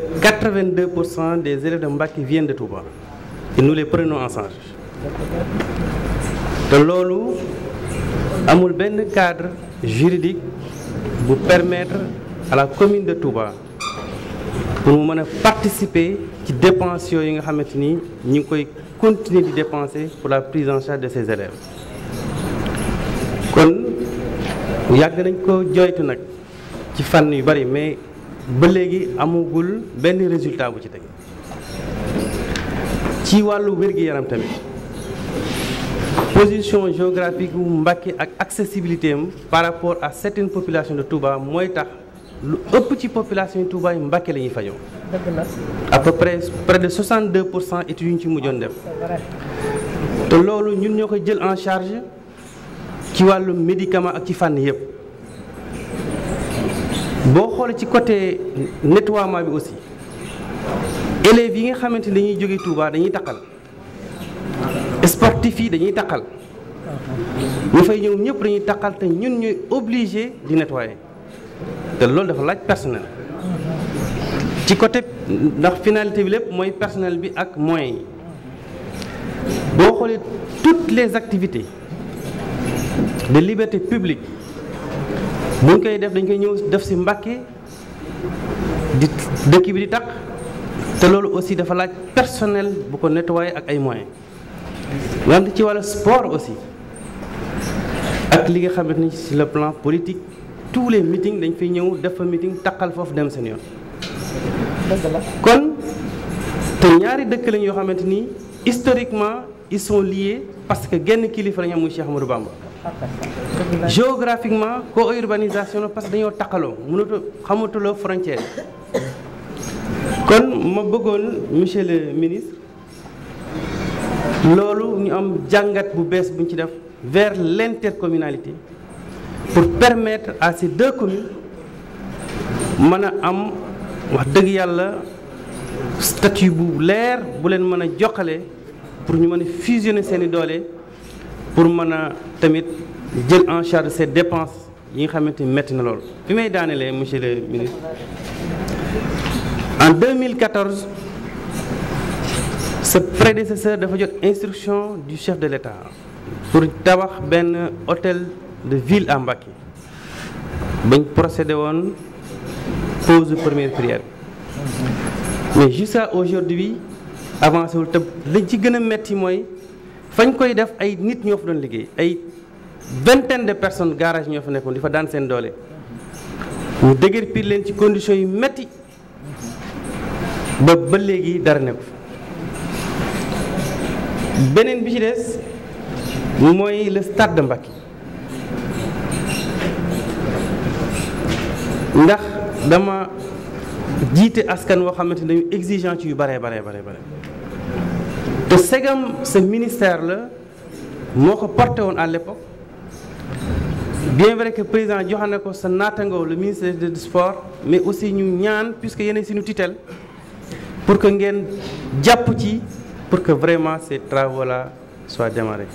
82% des élèves de Mbacké viennent de Touba et nous les prenons en charge te loolu amul benn cadre juridique bu permettre à la commune de Touba pour mu mën a participer ci dépenses yi nga xamante ni ñu ngi koy continuer di dépenser pour la prise en charge de ces élèves kon yàgg nañ ko joytu nag ci fànn yu bari mais. ba léegi amagul benn résultat bu ci teg ci wàllu wér-gi-yaram tamit position géographique bu Mbacké ak accessibilité am par rapport à certaines populations de Touba mooy tax lu ëpp ci population yi Touba yi Mbacké la ñuy fajoo. dëgg la à de pour cent études yu ñu ci mujjoon def. te loolu ñun ñoo ko jël en charge ci wàllu médicament ak ci fànn yëpp. boo xoolee ci côté nettoiement bi aussi élèves yi nga xamante ni dañuy jóge Touba dañuy taqal sportif yi dañuy taqal ñu fay ñëw ñëpp dañuy taqal te ñun ñooy obligé di nettoyer te loolu dafa laaj personnel ci côté ndax finalité bi lépp mooy personnel bi ak moyens yi boo xoolee toutes les activités de liberté publique buñ koy def dañ koy ñëw def si Mbàkke di dëkk bi di taq te loolu aussi dafa laaj personnel bu ko nettoyer ak ay moyens wante ci wàllu sport aussi ak li nga xamante ni sur le plan politique tous les meetings dañ fay ñëw def fa meeting taqal foofu dem seen yoon. kon te ñaari dëkk lañ yoo xamante ni historiquement ils sont liés parce que genn kilifa lañ am muy Cheikh Amadou Bamba. géographiquement co-urbanisation la parce que dañoo taqaloo mënatu xamatuloo frontière kon ma bëggoon monsieur le ministre loolu ñu am jàngat bu bees buñ ci def vers l'intercommunalité pour permettre à ces deux mën a am wax dëgg yàlla statut bu leer bu leen mën a jokkale pour ñu mën a fusionner seeni doole pour mën a tamit jël en charge ces dépenses yi nga xamante ni métti na lool. bi may daanelee monsieur le ministre en 2014 sa prédécesseur dafa jot instruction du chef de l'État pour tabax benn hôtel de ville à Mbacké bañ procédé woon pose première prière mais jusqu'à aujourd'hui avancé wul te lañ ci gën a métti mooy. fañ koy def ay nit ñoo fa doon liggéey ay vingtaine de personnes garage ñoo fa nekkoon di fa daan seen doole ñu dëgër piir leen ci condition yu metti ba ba léegi dara nekku beneen bi ci des mooy le stade de Mbacké ndax dama jiite askan woo xamante ne dañu exigeant yu bare bare bare bare te segam ce ministère la moo ko porté woon à l'époque bien vrai que président joxoon na ko sa naatango le ministère de sport mais aussi ñu ñaan puisque yeneen suñu tutelle pour que ngeen jàpp ci pour que vraiment ces travaux là soient démarrés